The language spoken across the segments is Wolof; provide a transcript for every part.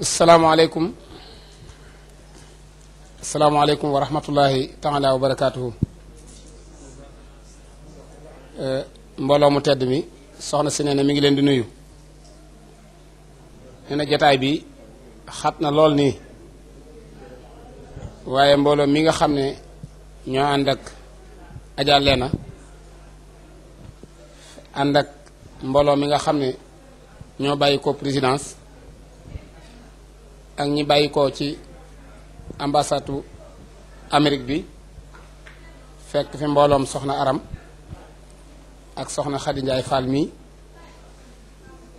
salaamaaleykum salaamaaleykum wa rahmatullahi taala wa barakaatuhu eh, mbooloo mu tedd mi soxna si nee na mi ngi leen di nuyu nee na jataay bi xat na lool nii waaye mbooloo mi nga xam ne ñoo ànd ak Adja Leena ànd ak mbooloo mi nga xam ne ñoo bàyyi ko présidence ak ñi bàyyi ko ci ambassade amerig bi fekk fi mbooloom soxna Aram ak soxna Xadi Njaay Fall mi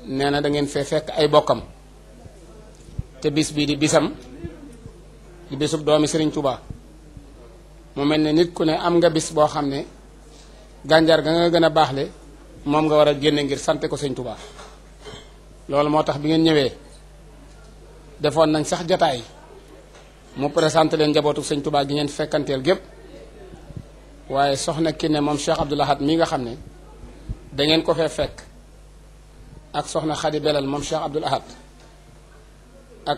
nee na da ngeen fee fekk ay bokkam te bis bii di bisam di bisub doomi Serigne Touba mu mel ne nit ku ne am nga bis boo xam ne gànjar ga nga gën a baaxle moom nga war a génne ngir sante ko Serigne Touba loolu moo tax bi ngeen ñëwee. defoon nañ sax jotaay mu présenté leen njabootu sëñ Touba gi ngeen fekkanteel gépp waaye soxna ki ne moom Cheikh Abdoul Ahad mi nga xam ne dangeen ko fee fekk ak soxna Khady Belal moom Cheikh Abdoul Ahad ak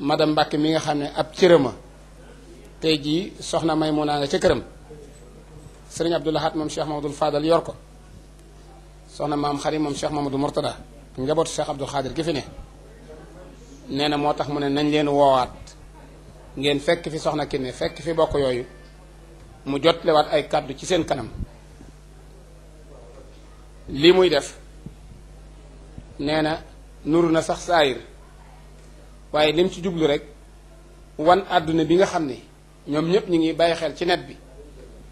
madame Mbacke mi nga xam ne ab cërëma tey jii soxna may mu naa nga ca këram sëriñ Abdoul Ahad moom Cheikh Mamadou Fadal yor ko soxna maam Khary moom Cheikh Mamadou Mourtada njabootu Cheikh Abdoul Khadir gi fi ne nee na moo tax mu ne nañ leen woowaat ngeen fekk fi soxna Kine fekk fi bokk yooyu mu jot jotlewaat ay kàddu ci seen kanam lii muy def nee na nuru na sax saayir waaye lim ci jublu rek wan àdduna bi nga xam ne ñoom ñëpp ñu ngi bàyyi xel ci net bi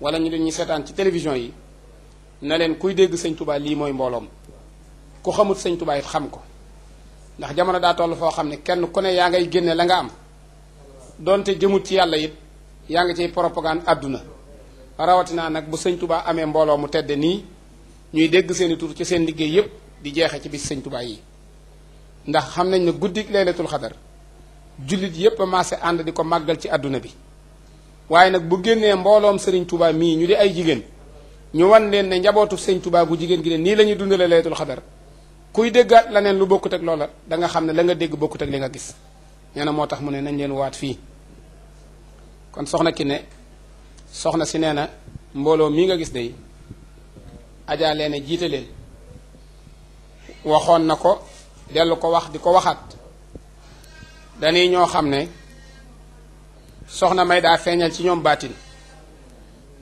wala ñu leen ñu seetaan ci télévision yi na leen kuy dégg sëñ Touba lii mooy mbooloom ku xamut sëñ Touba xam ko ndax jamono daa toll foo xam ne kenn ku ne yaa ngay génne la nga am donte jëmut ci yàlla it yaa ngi ciy propagande àdduna rawatinaa nag bu sëñ tubaa amee mbooloo mu tedde nii ñuy dégg seen i tur ci seen liggéey yépp di jeexe ci bis sëñ tubaa yi ndax xam nañ ne guddi laylatul xadar jullit yépp maase ànd di ko màggal ci àdduna bi waaye nag bu génnee mbooloom sëriñ tubaa mii ñu di ay jigéen ñu wan leen ne njabootu sëñ tubaa gu jigéen gi ne nii la ñuy dundale laylatul xadar kuy déggaat leneen lu bokkut ak loola da nga xam ne la nga dégg bokkut ak li nga gis nee na moo tax mu ne nañ leen waat fii kon soxna ki ne soxna si nee na mbooloo mii nga gis day ajaa leen jiite leen waxoon na ko dellu ko wax di ko waxaat dañuy ñoo xam ne soxna may daa feeñal ci ñoom baatin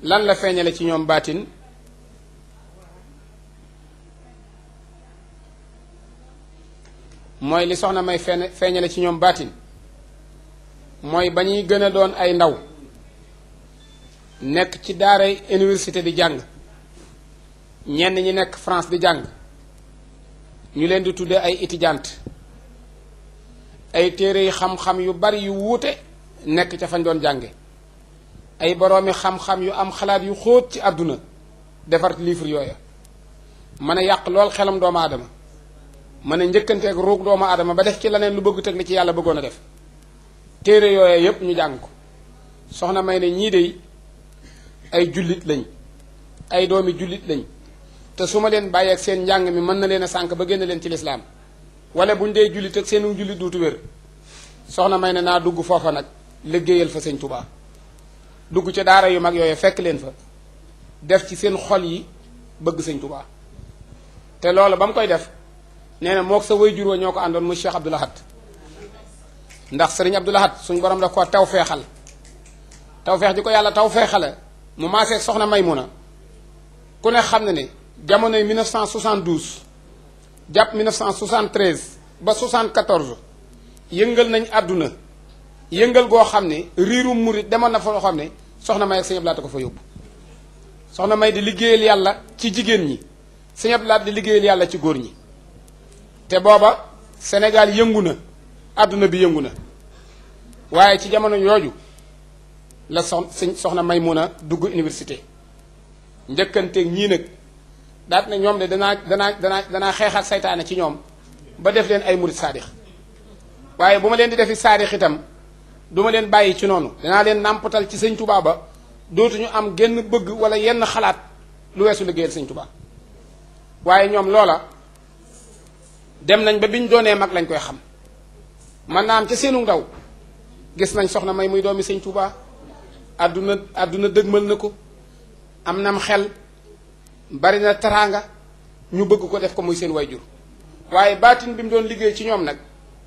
lan la feeñale ci ñoom baatin mooy li soxna may feeñ feeñale ci ñoom baatin mooy ba ñuy gën a doon ay ndaw nekk ci daaray université di jàng ñenn ñi nekk France di jàng ñu leen di tuddee ay étudiant ay téere yi xam-xam yu bari yu wuute nekk ca fañ doon jànge ay boroomi xam-xam yu am xalaat yu xóot ci àdduna defar livre yooya mën a yàq lool xelum doomu aadama mën a njëkkanteeg ruug doomu aadama ba def ci leneen lu bëgg tëg li ci yàlla bëggoon a def téere yooye yépp ñu jàng ko soxna may na ñii de ay jullit lañ ay doomi jullit lañ te su ma leen bàyyeek seen njàng mi mën na leen a sànq ba génn leen ci lislaam wala buñ dee jullit ak seenu jullit duutu wér soxna may ne naa dugg foofa nag liggéeyal fa sëñ tubaa dugg ca daara yu mag yooyu fekk leen fa def ci seen xol yi bëgg sëñ tubaa te loolu ba mu koy def nee moo mook sa wayjur wa ñoo ko àndoon muy Cheikh Abdoul Ahad ndax sëriñ Abdoul Ahad suñ borom daf ko tawfeexal tawfeex ji ko yàlla tawfeexale mu maaseeg soxna may Maymuna ku ne xam na ne jamono yi 1972 jàpp 1973 ba 74 yëngal nañ àdduna yëngal goo xam ne riirum murit demoon na fa xam ne soxna may ak sëñ Abdoulaye ko fa yóbbu soxna may di liggéeyal yàlla ci jigéen ñi sëñ Abdoulaye di liggéeyal yàlla ci góor ñi te booba Sénégal yëngu na àdduna bi yëngu na waaye ci jamono yooju la sox soxna Maymuna dugg université njëkkanteeg ñii nag daat na ñoom de danaa danaa danaa danaa xeexal saytaane ci ñoom ba def leen ay murit saadix waaye bu ma leen di defi saadix itam du ma leen bàyyi ci noonu danaa leen nàmpatal ci sëñ tubaa ba dootuñu am genn bëgg wala yenn xalaat lu weesu liggéeyal sëñ tubaa waaye ñoom loola dem nañ ba biñ doonee mag lañ koy xam man naa am ca seenu ndaw gis nañ soxna may muy doomi sëñ Tuubaa àdduna àdduna dëgmal na ko am nam xel bari na teraanga ñu bëgg ko def ko muy seen way wayjur waaye baatin bi mu doon liggéey ci ñoom nag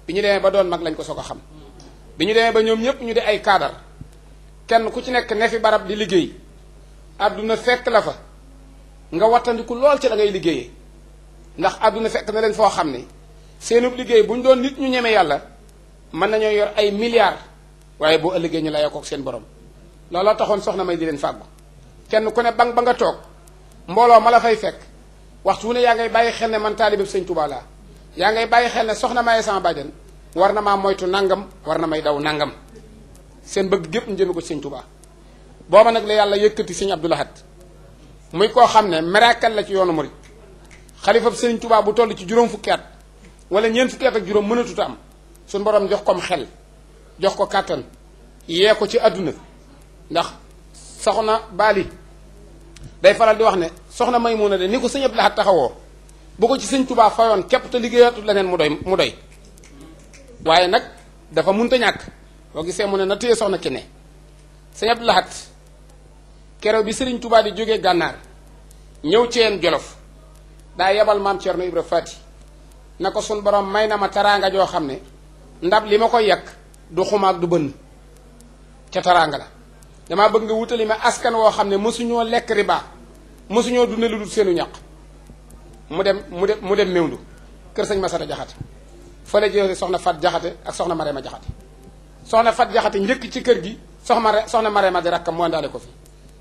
bi ñu demee ba doon mag lañ ko soog a xam bi ñu demee ba ñoom ñëpp ñu de ay kaadar kenn ku ci nekk ne fi barab di liggéey àdduna fekk la fa nga wattandiku lool ci la ngay liggéeyee ndax àdduna fekk na leen foo xam ne seenub liggéey bu ñu doon nit ñu ñeme yàlla mën nañoo yor ay milliards waaye boo ëllëgee ñu layoo kook seen borom looloo taxoon soxna may di leen fàggu kenn ku ne bang ba nga toog mbooloo ma la fay fekk waxtu wu ne yaa ngay bàyyi xel ne man taalibab sëñ Tuubaa laa yaa ngay bàyyi xel ne soxna maye sama bàjjan war na maa moytu nangam war na may daw nangam seen bëgg gépp ñu ko sëñ Tuubaa booba nag la yàlla yëkkati sëñ Abdou Lahad muy koo xam ne miracle la ci yoonu murid xalifa Serigne tubaab bu toll ci juróom fukki at wala ñeent fukki ak juróom mënatut am suñu boroom jox koom xel jox ko kàttan yee ko ci àdduna ndax soxna Bali day faral di wax ne soxna may Maymuna de ni ko sëñ Abdou Lahad taxawoo bu ko ci sëñ Touba fayoon képp te liggéeyatu leneen mu doy mu doy waaye nag dafa munta ñàkk boo gisee mu ne na téye soxna ki ne Abdou Lahad keroog bi Serigne Touba di jógee gànnaar ñëw ceen Jolof. daa yebal maam Thierno Ibra Fati na ko sun borom may na ma taraanga joo xam ne ndab li ma koy yekk du xumaag du bënn ca taraanga la damaa bëgg nga wutali ma askan woo xam ne mosuñoo lekk riba mosuñoo dunde lu dul seenu ñaq mu dem mu dem mu dem mewndu kër ma Masata Jaxate fa la jëlee soxna Fat Jaxate ak soxna ma Jaxate soxna Fat Jaxate njëkk ci kër gi soxna soxna Marema di rakkam moo àndaale ko fi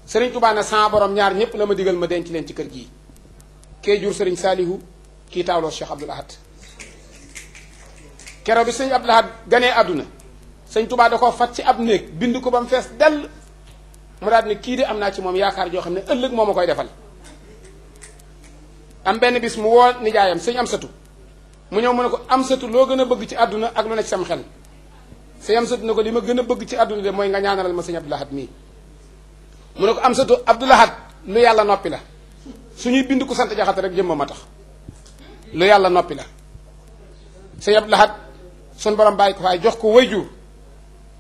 Sëriñ Tuubaa ne sama borom ñaar ñëpp la ma digal ma denc leen ci kër gii kee jur sëriñ saalihu kii taawloo Cheikh Abdoul kero bi sëñ Abdoul Ahad ganee àdduna sëñ Touba da koo fat ci ab néeg bind ko ba mu fees dell mu daal ne kii de am naa ci moom yaakaar joo xam ne ëllëg moo ma koy defal am benn bis mu woo nijaayam sëñ am satu mu ñëw mu ne ko am satu loo gën a bëgg ci àdduna ak lu ne ci sam xel sëñ am ne ko li ma gën a bëgg ci àdduna de mooy nga ñaanalal ma sëñ Abdoul Ahad mii mu ne ko am satu lu yàlla noppi la suñuy bind ko sant jaxate rek jëmm a tax lu yàlla noppi la sëñ Abdou Lahad suñ borom bàyyi ko faay jox ko wayjur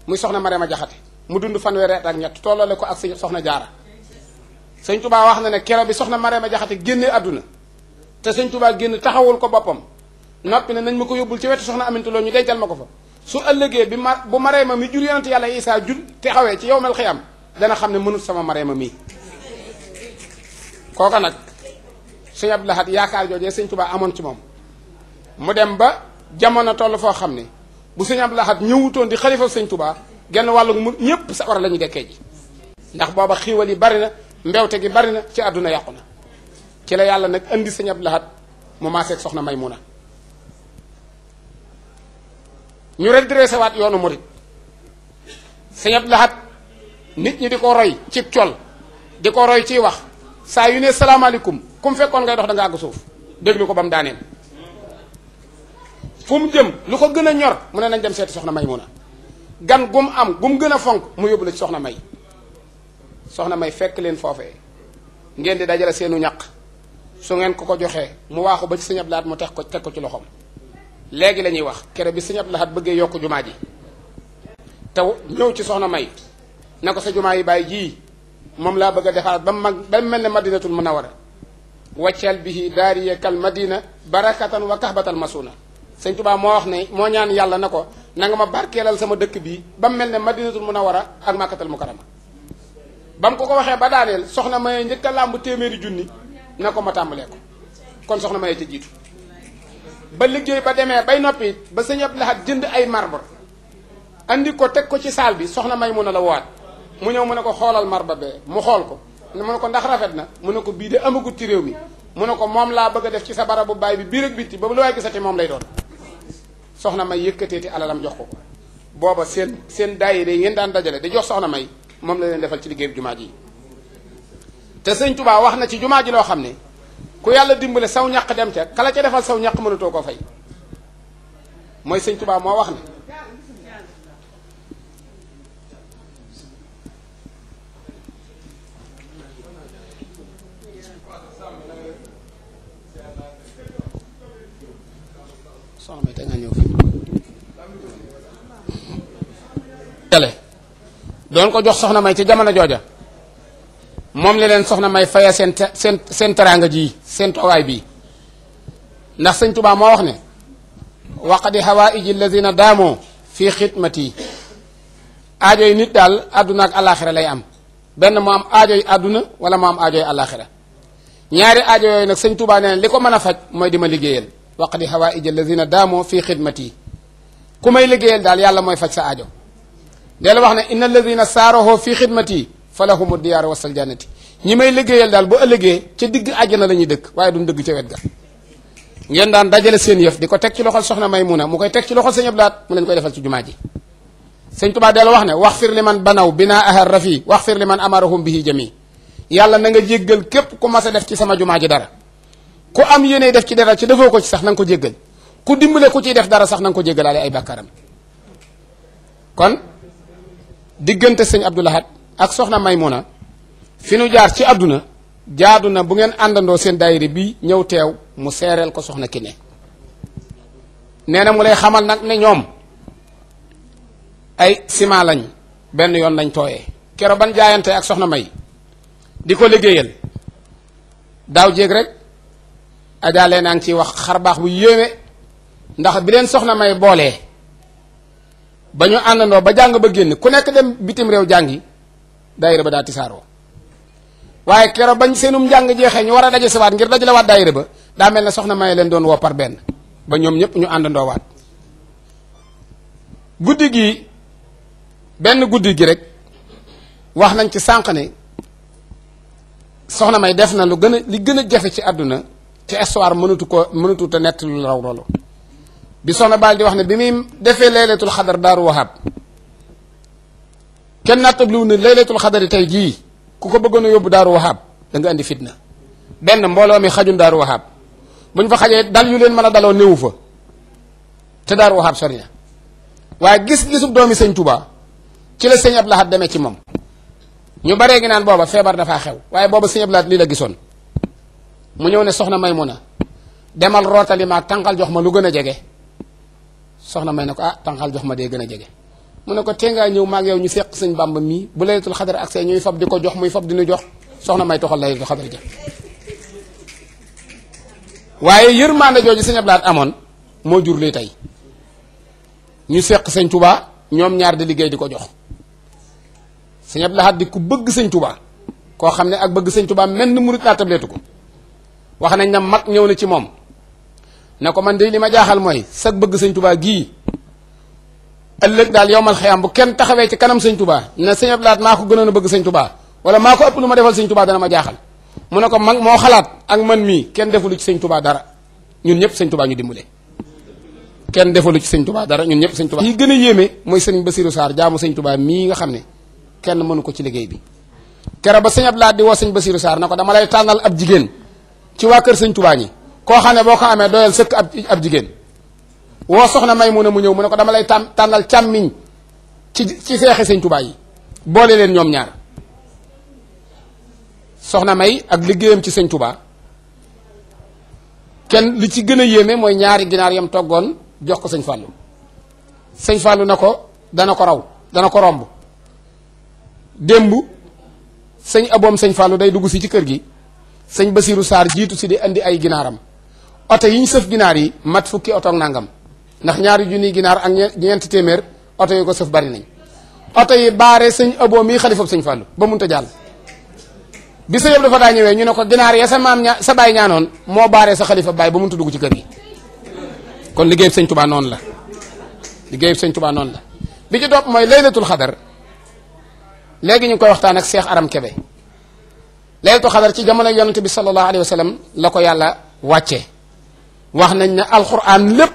muy soxna Mariama jaxate mu dund fanweeri at ak ñett tolloole ko ak sëñ soxna jaara sëñ Touba wax na ne kero bi soxna Mariama jaxate génnee àdduna te sëñ tubaa génn taxawul ko boppam noppi ne nañ ma ko yóbbul ci wetu soxna Aminta Lo ñu dencal ma ko fa su ëllëgee bi ma bu Mariama mi jur yonent yàlla Isaa jur te xawee ci yow mel xiyam dana xam ne mënut sama Mariama mii kooka nag sëñ Abdou yaakaar joojee sëñ Tuubaa amoon ci moom mu dem ba jamono toll foo xam ne bu sëñ Abdou Lahad ñëwutoon di xalifa sëñ Tuubaa genn wàllu mu ñëpp sawara la ñu dekkee ji ndax booba xiiwal yi bari na mbewte gi bari na ci àdduna yàqu na ci la yàlla nag indi sëñ Abdou Lahad mu maaseeg soxna Maymuna ñu redressé waat yoonu murit sëñ Abdou Lahad nit ñi di ko roy ci col di ko roy ciy wax saa yu ne salaamaaleykum ku mu fekkoon ngay dox da nga àgg suuf déglu ko ba mu daaneel fu mu jëm lu ko gën a ñor mu ne nañ dem seeti soxna may mun a gan gum am gum gën a fonk mu yóbbu la ci soxna may soxna may fekk leen foofe ngeen di dajale seenu ñaq su ngeen ko ko joxee mu waaxu ba ci sëñ mu teg ko teg ko ci loxoom léegi lañuy wax kere bi sëñ Abdou Lahad bëggee yokk jumaa ji te ñëw ci soxna may na ko sa jumaa yi bàyyi jii moom laa bëgg a defaraat ba mu mag ba mu mel ne madinatul munawara waccal bihi daariya kal madina barakatan wa kahbatal masuna sëñ tubaa moo wax ne moo ñaan yàlla na ko na nga ma barkeelal sama dëkk bii ba mu mel ne madinatul war ak màkkatal mukarama ba mu ko ko waxee ba daaneel soxna mayee njëkk a làmb téeméeri junni na ko ma tàmbalee ko kon soxna mayee ca jiitu ba liggéey ba demee bay noppi ba sëñ Abdou Lahad jënd ay marbre indi ko teg ko ci saal bi soxna may mun a la woowaat mu ñëw mu ne ko xoolal marba bee mu xool ko mu ne ko ndax rafet na mu ne ko bii de amagut ci réew mi mu ne ko moom laa bëgg a def ci sa bara bu baay bi biir ak bitti ba lu waay gisati moom lay doon soxna may yëkkatee yëkkateeti alalam jox ko ko booba seen seen daayira yi ngeen daan dajale di jox soxna may moom la leen defal ci liggéeyu jumaa ji te sëñ Tuubaa wax na ci jumaa ji loo xam ne ku yàlla dimbale saw ñàq dem ca kala ca defal saw ñàq mënatoo koo fay mooy sëñ wax ne soxna may te nga ñëw fi doon jox soxna may ci jamono jooja moom li leen soxna may faya seen seen seen teraanga ji seen toogaay bii ndax sëñ Tuubaa moo wax ne waqadi hawaïji alladina daamoo fii xidmati aajo yi nit daal àdduna ak lay am benn mu am aajo yi àdduna wala mu am aajo yi àllaaxira ñaari aajo yooyu nag sëñ Tuubaa nee li ko mën a faj mooy di ma liggéeyal waqdi hawaaij alladina daamoo fii xidmati ku may liggéeyal daal yàlla mooy faj sa aajo dee la wax ne inna alladina saarahoo fii xidmati fa lahumu diyaaru wasal jannati ñi may liggéeyal daal bu ëllëgee ca digg àjjana la ñuy dëkk waaye duñ dëgg ca wet ga ngeen daan dajale seen yëf di ko teg ci loxol soxna a mu koy teg ci loxol sëñ Ablaat mu leen koy defal ci jumaa ji sëñ Tuubaa deel wax ne wax fir li man banaw binaa ahar rafi wax fir li man amarahum bihi jami yàlla na nga jéggal képp ku mas def ci sama jumaa ji dara ku am yéene def ci dara ci defoo ko ci sax na ko jéggal ku dimbale ku ciy def dara sax na ko jéggalaale ay bàkkaaram kon diggante sëñ Abdou ak soxna Maymuna fi nu jaar ci àdduna jaadu na bu ngeen àndandoo seen daayira bi ñëw teew mu seereel ko soxna Kiné nee na mu lay xamal nag ne ñoom ay ciment lañ benn yoon lañ tooyee kero ban jaayante ak soxna May di ko liggéeyal daaw jéeg rek ajalee naa ngi ciy wax xar baax bu yéeme ndax bi leen soxna may boolee ba ñu àndandoo ba jàng ba génn ku nekk dem bitim réew yi daayira ba daa tisaaroo waaye kero bañ seenum njàng jeexee ñu war a daje si waat ngir dajale waat daayira ba daa mel ne soxna may leen doon woo par benn ba ñoom ñëpp ñu àndandoo waat guddi gi benn guddi gi rek wax nañ ci sànq ne soxna may def na lu gën a li gën a jafe ci àdduna ci histoire mënatu ko mënatu te nett lu raw loolu bi soxna baal di wax ne bi muy defee laylatul xadar daaru wahab kenn nattabliwu ne laylatul xadar yi tey jii ku ko bëggoon a yóbbu daaru wahab da nga andi fitna benn mbooloo mi xajun daaru wahab buñ fa xajee dal yu leen mën a daloo néewu fa te daaru wahab sori na waaye gis-gisub doomi sëñ Touba ci la sëñ Abdou Lahad demee ci moom ñu baree ngi naan booba feebar dafaa xew waaye booba sëñ Abdou Lahad lii la gisoon mu ñëw ne soxna may mun a demal rootali maag tànqal jox ma lu gën a jege soxna may ne ko ah tànqal jox ma dee gën a jege mu ne ko tee ngaa ñëw maag yow ñu fekk sëñ bàmba mii bu laylatul xadar ak see ñuy di ko jox muy fab dinu jox soxna may toxal laylatul xadar ja waaye yërmaande jooju sëñ Ablaat amoon moo jur lii tey ñu seq sëñ tubaa ñoom ñaar di liggéey di ko jox sëñ Ablaat di ku bëgg sëñ tubaa koo xam ne ak bëgg sëñ tubaa mel ni murit laa tableetu ko wax nañ na mag ñëw na ci moom ne ko man de li ma jaaxal mooy sag bëgg sëñ tubaa gii ëllëg daal yowmal xayaam bu kenn taxawee ci kanam sëñ tubaa ne sëñ Abdou Lahad maa ko gënoon a bëgg sëñ tubaa wala maa ko ëpp lu ma defal sëñ tubaa dana ma jaaxal mu ne ko mag moo xalaat ak man mii kenn defulu ci sëñ tubaa dara ñun ñëpp sëñ tubaa ñu dimbale kenn defalu ci sëñ tubaa dara ñun ñëpp sëñ tubaa yi gën a yéeme mooy sëñ Basiru Sarr jaamu sañ tubaa mii nga xam ne kenn mënu ko ci liggéey bi kere ba sëñ Abdou Lahad di woo sëñ Basiru Sarr na ko dama lay tànnal ab jigéen ci waa kër sëñ tubaa ñi koo xam ne boo ko amee doyal sëkk ab ab jigéen woo soxna may mun a mu ñëw mu ne ko dama lay tàn tànnal càmmiñ ci ci seexe sëñ tubaa yi boole leen ñoom ñaar soxna may ak liggéeyam ci sëñ tubaa kenn li ci gën a yéeme mooy ñaari ginaar yam toggoon jox ko sëñ fàllu sëñ fàllu na ko dana ko raw dana ko romb démb sëñ aboom sëñ fàllu day dugg si ci kër gi sëñ Basiirou saar jiitu si di indi ay ginaaram oto yi ñu sëf ginaar yi mat fukki oto ak nangam ndax ñaari junniy ginaar ak ñeent téeméer oto yi ko sëf bari nañ oto yi baare sëñ Abo mii xalifab sëñ Fallou ba munta jàll bi sa yëpp dafa daa ñëwee ñu ne ko ginaar ya sa maam ña sa baay ñaanoon moo baare sa xalifa baay ba munta dugg ci kër gi kon liggéeyub sëñ Touba noonu la liggéeyub sëñ Touba noonu la bi ci topp mooy laylatul xadar léegi ñu ngi koy waxtaan ak Cheikh Aram Kebe laylatul xadar ci jamono yonent bi sallallahu alayhi wa sallam la ko yàlla wàccee wax nañ ne alxuraan lépp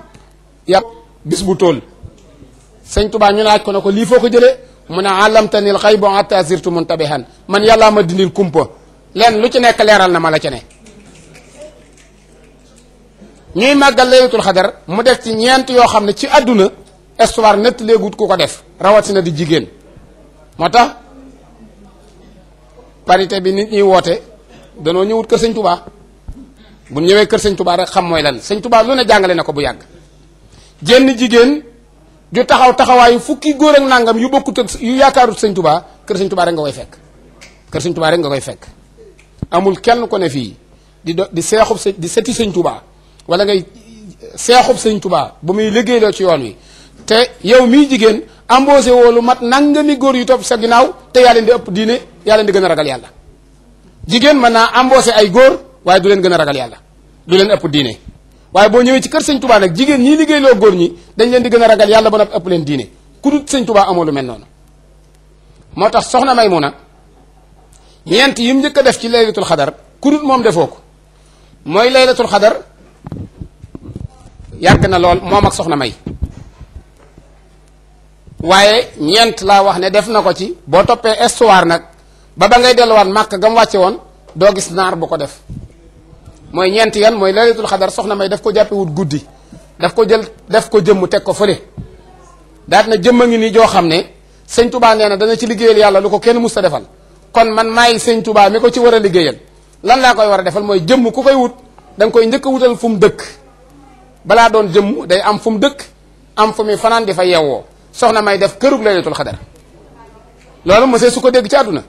yàlla bis bu tool sëñ ñu laaj ko na ko lii foo ko jëlee mu ne allamtani l xayba hatta zirtu muntabihan man yàllaa ma dindil kumpa leen lu ci nekk leeral na ma la ca ne ñuy màggal laylatul xadar mu def ci ñeent yoo xam ne ci àdduna histoire nett léegut ku ko def rawatina di jigéen moo tax parité bi nit ñi woote danoo ñëwut kër sañ tubaa bu ñëwee kër sëñ tubaa rek xam mooy lan sëñ tubaa lu ne jàngale na ko bu yàgg jenn jigéen ju taxaw taxawaayu fukki góor ak nangam yu bokkut ak yu yaakaarut sëñ tubaa kër sëñ tubaa rek nga koy fekk kër sëñ tubaa rek nga koy fekk amul kenn ko ne fii di do di seexub sëñ di seti sëñ tubaa wala ngay seexub sëñ tubaa bu muy liggéeyloo ci yoon wi te yow miy jigéen embauché woolu mat nangami góor yu topp sa ginnaaw te yaa leen ëpp diine yàlla leen di gën a ragal yàlla jigéen mën naa embauché ay góor waaye du leen gën a ragal yàlla du leen ëpp diine waaye boo ñëwee ci kër sëñ tubaa nag jigéen ñii liggéeyloo góor ñi dañ leen di gën a ragal yàlla ba noppi ëpp leen diine ku dul sëñ tubaa amoo lu mel noonu moo tax soxna Maymuna ñeent yi mu njëkk a def ci laylatul xadar ku moom defoo ko mooy laylatul xadar yàgg na lool moom ak soxna may waaye ñeent laa wax ne def na ko ci boo toppee histoire nag ba ba ngay delluwaat màkk gam wàcce woon doo gis naar bu ko def mooy ñeenti yan mooy laylatul xadar soxna may daf ko jàppe guddi daf ko jël def ko teg ko fële daat na jëmm ngi nii joo xam ne sëñ tubaa nee na dana ci liggéeyal yàlla lu ko kenn mus ta defal kon man maay sëñ tubaa mi ko war a liggéeyal lan laa koy war a defal mooy jëmm ku koy wut da koy njëkk wutal fu mu dëkk balaa doon jëmm day am fu mu dëkk am fu muy fanaan di soxna may def kërug laylatul xadar loolu monsieur su ko dégg ci àdduna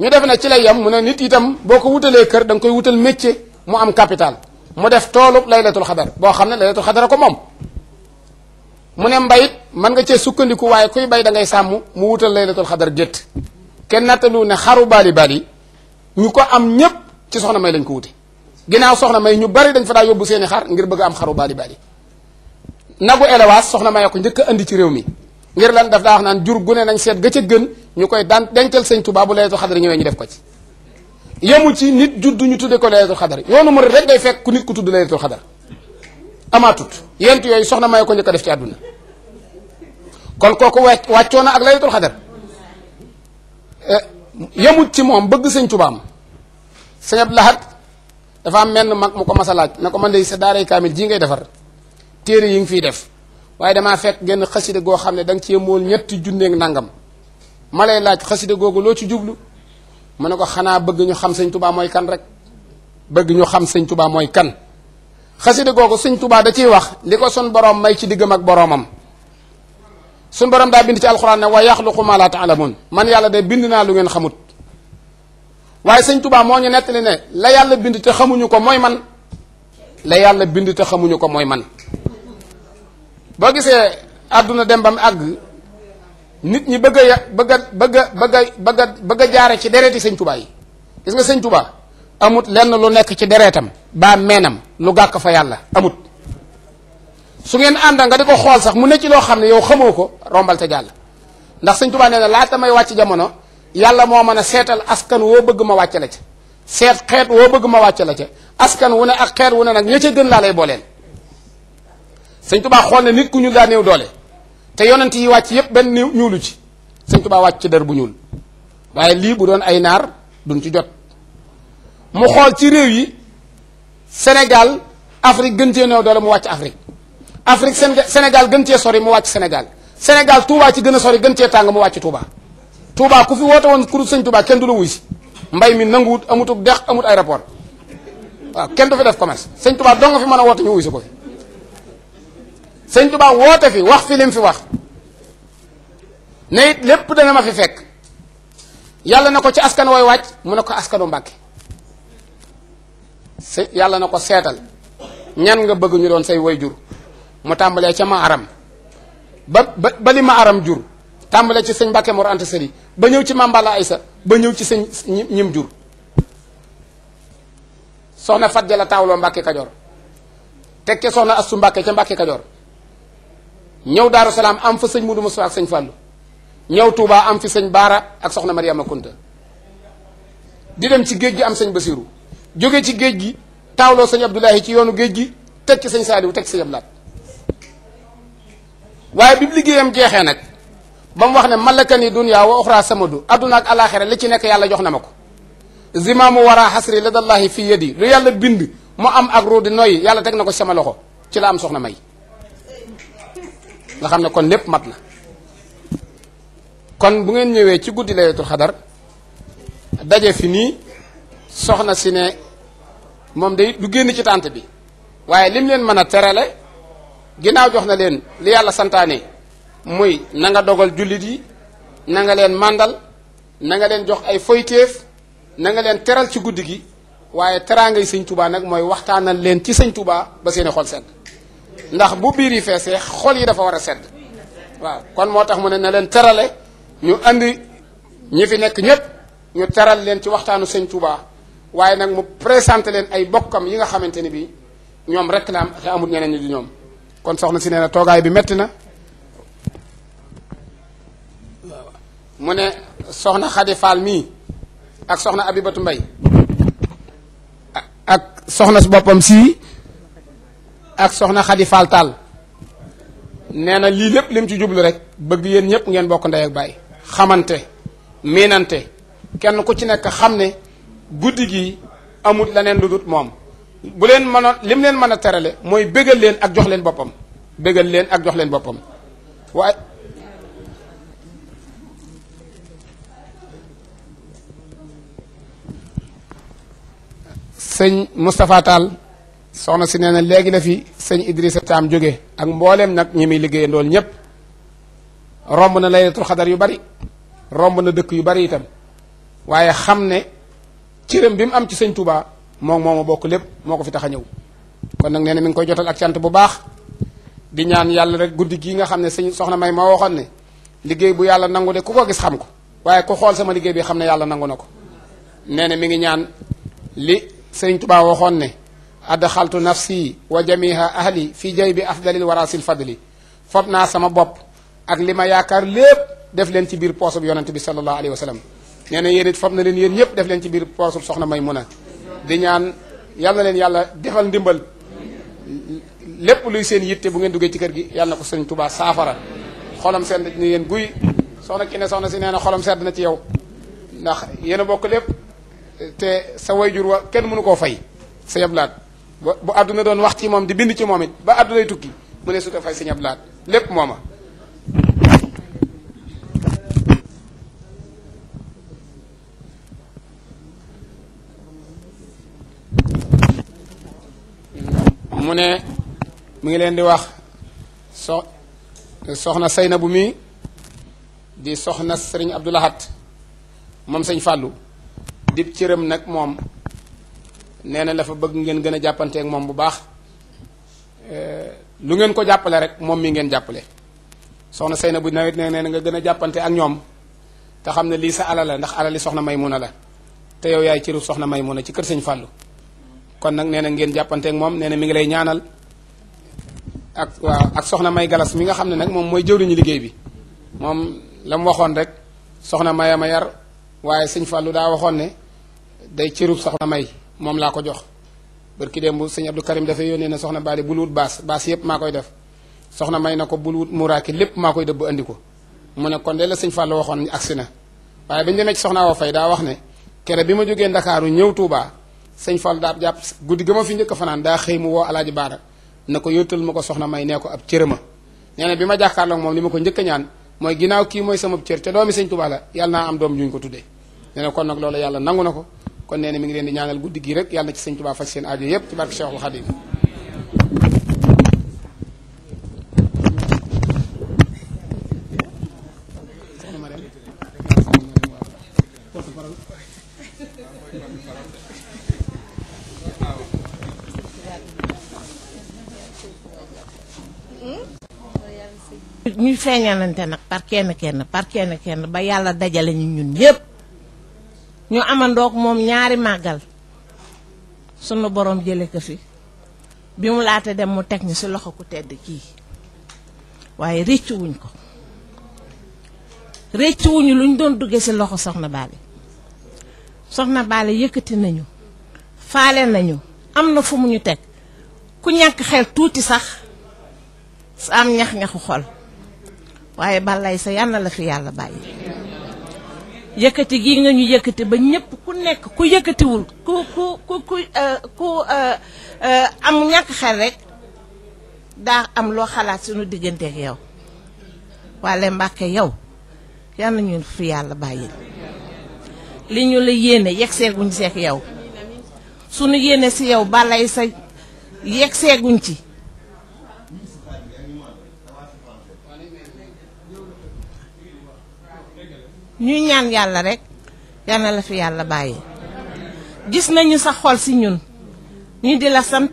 ñu defe na ci lay yam mu ne nit itam boo ko wutalee kër danga koy wutal métier mu am capital mu def toolub laylatul xadar boo xam ne laylatul xadar ko moom mu ne mbayit mën nga cee sukkandiku waaye kuy bay da ngay sàmm mu wutal laylatul xadar gétt kenn nattalu ne xaru baali baali ñu ko am ñépp ci soxna may lañ ko wute ginnaaw soxna may ñu bari dañ fa daa yóbbu seeni xar ngir bëgg am xaru baali baali nagu élewaas soxna may ko njëkk a indi ci réew mi ngir lan daf daa wax naan jur gu ne nañ seet gën ñu koy daan dencal sëñ Tuubaa bu laylatul xadar ñëwee ñu def ko ci yemu ci nit juddu ñu tudde ko laylatul xadar yoonu murid rek day fekk ku nit ku tudd laylatul xadar amaatut yent yooyu soxna may ko njëkk a def ci àdduna kon kooku wàccoo na ak laylatul xadar eh, yemut ci moom bëgg sëñ tubaam sëñ Abdou dafa am menn mag mu ko mas a laaj na ko man de sa daaray kaamil ji ngay defar téere yi nga fiy def waaye damaa fekk genn xasida goo xam ne da nga cee mool ñetti junneeg nangam ma lay laaj xasida googu loo ci jublu mu ne ko xanaa bëgg ñu xam sañ tubaa mooy kan rek bëgg ñu xam sëñ tubaa mooy kan xasida googu sëñ tubaa da ciy wax li ko sun boroom may ci diggam ak boroomam sun boroom daa bind ci alxuraan ne wa yaxluqu ma la taalamun man yàlla de bind naa lu ngeen xamut waaye sëñ tubaa moo ñu nettali ne la yàlla bind te xamuñu ko mooy man la yàlla bind te xamuñu ko mooy man boo gisee àdduna dem bam àgg nit ñi bëgg a bëgg a bëgg a bëgg a bëgg bëgg jaare ci dereeti sëñ tubaa yi gis nga sëñ tubaa amut lenn lu nekk ci dereetam baa meenam lu gàkk fa yàlla amut su ngeen ànda nga di ko xool sax mu ne ci loo xam ne yow xamoo ko rombal te jàll ndax sëñ na laata may wàcc jamono yàlla moo mën a seetal askan woo bëgg ma wàcce la ci seet xeet woo bëgg ma wàcce la ca askan wu ne ak xeet wu ne nag ña ca gën laa lay booleel sëñ tubaa xool ne nit ku ñu daan néew doole te yonent yi wàcc yépp benn ñuulu ci sëñ Tuubaa wàcc ci der bu ñuul waaye lii bu doon ay naar duñ ci jot mu xool ci réew yi Sénégal Afrique gën cee néew doole mu wàcc Afrique Afrique Sénégal gën cee sori mu wàcc Sénégal Sénégal Touba ci gën a sori gën cee tàng mu wàcc Touba Touba ku fi woote woon kuru sëñ Touba kenn du la wuy si mbay mi nanguwut amutug dex amut aéroport waaw kenn du fi def commerce sëñ Touba dong nga fi mën a woote ñu wuy si ko fi sëñ Tuubaa woote fi wax fi lim fi wax ne lépp dana ma fi fekk yàlla na ko ci askan wooy wàcc mu ne ko askanu Mbàkke së yàlla na ko seetal ñan nga bëgg ñu doon say way jur mu tàmbalee ca ma aram ba ba ba li aram jur tàmbalee ci sëñ Mbàkke Mor Anta Sali ba ñëw ci ay Aysa ba ñëw ci sëñ ñim jur soxna Fat Jala Taawloo Mbàkke Kajoor teg ca soxna Astu Mbàkke ca Mbàkke Kajoor ñëw Daaru Salaam am fa sëñ Mudu Musaa ak sëñ Fàllu ñëw Touba am fi sëñ Baara ak soxna Mariama Kunta di dem ci géej gi am sëñ Basiru jóge ci géej gi taawloo sëñ Abdoulahi ci yoonu géej gi teg ci sëñ Saaliwu teg ci sëñ Ablaat waaye bi liggéeyam jeexee nag ba mu wax ne malakani dunya wa oxra samadu adduna ak alaxira li ci nekk yàlla jox na ma ko zimaamu wara xasri ladallahi fi yadi lu yàlla bind mu am ak ruudi noyyi yàlla teg na ko sama loxo ci la am soxna may nga xam ne kon lépp mat na kon bu ngeen ñëwee ci guddi laylatul xadar daje fi nii soxna si ne moom de du génn ci tànt bi waaye lim leen mën a terale ginnaaw jox na leen li yàlla santaane muy nanga dogal jullit yi nanga leen màndal na nga leen jox ay foyteef nanga leen teral ci guddi gi waaye teraangay sëñ tubaa nag mooy waxtaanal leen ci sëñ tubaa ba seeni xol sedd ndax bu biir yi feesee xol yi dafa war a sedd waaw kon moo tax mu ne na leen terale ñu andi ñi fi nekk ñépp ñu teral leen ci waxtaanu sëñ Touba waaye nag mu présenté leen ay bokkam yi nga xamante ni bi ñoom rek la amul ñeneen ñi ñoom kon soxna si nee na toogaay bi metti na mu ne soxna Xadi Fall mii ak soxna Abibatu Mbay ak soxna boppam sii ak soxna Xadi Fall Tall nee na lii lépp lim ci jublu rek bëgg yéen ñépp ngeen bokk ndey ak baay xamante miinante kenn ku ci nekk xam ne guddi gi amut leneen lu dut moom bu leen mën a lim leen mën a terale mooy bégal leen ak jox leen boppam bégal leen ak jox leen boppam waaye sëñ Moustapha Tall soxna si nee na léegi la fi sëñ Idrissa Thiam jóge ak mbooleem nag ñi muy liggéeyandool ñépp romb na laylatul xadar yu bari romb na dëkk yu bari itam waaye xam ne cëram bi mu am ci sëñ tubaa moom moo ma bokk lépp moo ko fi tax a ñëw kon nag nee mi ngi koy jotal ak cant bu baax di ñaan yàlla rek guddi gii nga xam ne sëñ soxna May ma waxoon ne liggéey bu yàlla nangu de ku ko gis xam ko waaye ku xool sama liggéey bi xam ne yàlla nangu na ko nee na mi ngi ñaan li sëñ Touba waxoon ne adxaltu nafsi wa jamiha ahli fi jaybi afdalil waraasil fadli fob naa sama bopp ak li ma yaakaar lépp def leen ci biir poosub yonant bi sallallahu alayhi wa sallam nee na yéen it fob na leen yéen ñëpp def leen ci biir poosub soxna Maymuna di ñaan yàlla leen yàlla defal ndimbal lépp luy seen yitte bu ngeen duggee ci kër gi yàlla na ko sëñ Tuubaa saafara xolam sedd na yéen guy soxna ki ne soxna si nee na xolam sedd na ci yow ndax yéen a bokk lépp te sa way jur wa kenn mënu koo fay sa yeblaat ba bu àdduna doon wax ci moom di bind ci moom it ba àddunay tukki mu ne su ta fay sëñ Abdu Lahat lépp mooma mu ne mu ngi leen di wax so soxna na bu mi di soxna sëriñ Abdu Lahat moom sëñ Fàllu dib cëram nag moom nee na dafa bëgg ngeen gën a jàppanteek moom bu baax euh, lu ngeen ko jàppale rek moom mii ngeen jàppale soxna na bu nawet nee na nga gën a jàppante ak ñoom te xam ne lii sa alal la ndax alali soxna may Maymuna la te yow yaay ciru soxna may Maymuna ci kër Sëñ Fàllu kon nag nee na ngeen jàppanteek moom nee na mi ngi lay ñaanal ak waaw ak soxna May Galas mi nga xam ne nag moom mooy jëwriñu liggéey bi moom la waxoon rek soxna Maya ma yar waaye Sëñ Fàllu daa waxoon ne day ciru soxna May moom laa ko jox bërki démb sëñ Abdou Karim dafay yónnee na soxna Bali bul wut baas baas yëpp maa koy def soxna may na ko bul wut muraaki lépp maa koy def dëbb indi ko mu ne kon de la sëñ Fallou waxoon agsi na waaye bañ demee ci soxna Awa fay daa wax ne kere bi ma jógee ndakaaru ñëw Touba sëñ Fallou daa jàpp guddi ga ma fi njëkk fanaan daa xëy mu woo alaaji baara na ko yóttal ma ko soxna may nee ko ab cërëma nee na bi ma jàkkaarloog moom li ma ko njëkk ñaan mooy ginnaaw kii mooy sama cër te doomi sëñ Touba la yàlla naa am doom juñ ko tuddee nee na kon yàlla nangu na ko kon nee mi ngi leen di ñaanal guddi gi rek yàlla na ci sëñ Tuubaa faj seen aajo yëpp ci barke Cheikhul Khadim ñu feeñalante nag par kenn kenn par kenn kenn ba yàlla dajale ñu ñun ñëpp ñu amandoog moom ñaari màggal sunu borom jële ko fi bi mu laata dem mu teg ñu si loxo ku tedd kii waaye réccu ko réccu wuñu luñ doon dugge si loxo soxna Bally soxna baale yëkkati nañu faale nañu am na fu mu ñu teg ku ñàkk xel tuuti sax sa am ñax-ñaxu xol waaye balay sa yàlla la fi yàlla bàyyi yëkkati gii nga ñu yëkkati ba ñëpp ku nekk ku yëkkatiwul ku ku ku ku euh, ku euh, euh, am ñàkk xel rek daa am loo xalaat suñu digganteek yow wala Mbàkke yow yal na fi yàlla bàyyi li ñu la yéene yegg seeguñ seek yow sunu yéene si yow balay sa yegg ci ñuy ñaan yàlla rekk yana la fi yàlla bàyyi gis nañu sa xool si ñun ñu di la sant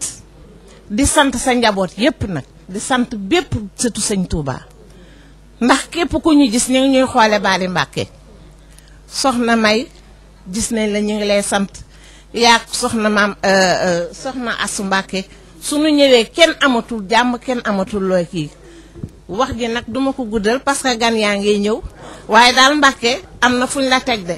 di sant sa njaboot yépp nag di sant bépp sëtu sëñ Touba ndax képp ku ñu gis ñu ngi ñuy xoole Bally Mbacké soxna May gis nañ la ñu ngi lay sant yaa soxna maam euh, euh, soxna Asu Mbacké sunu ñëwee kenn amatul jàmm kenn amatul looy kii wax ji nag duma ko guddal parce que gan yaa ngiy ñëw waaye daal Mbàkke am na fuñ la teg de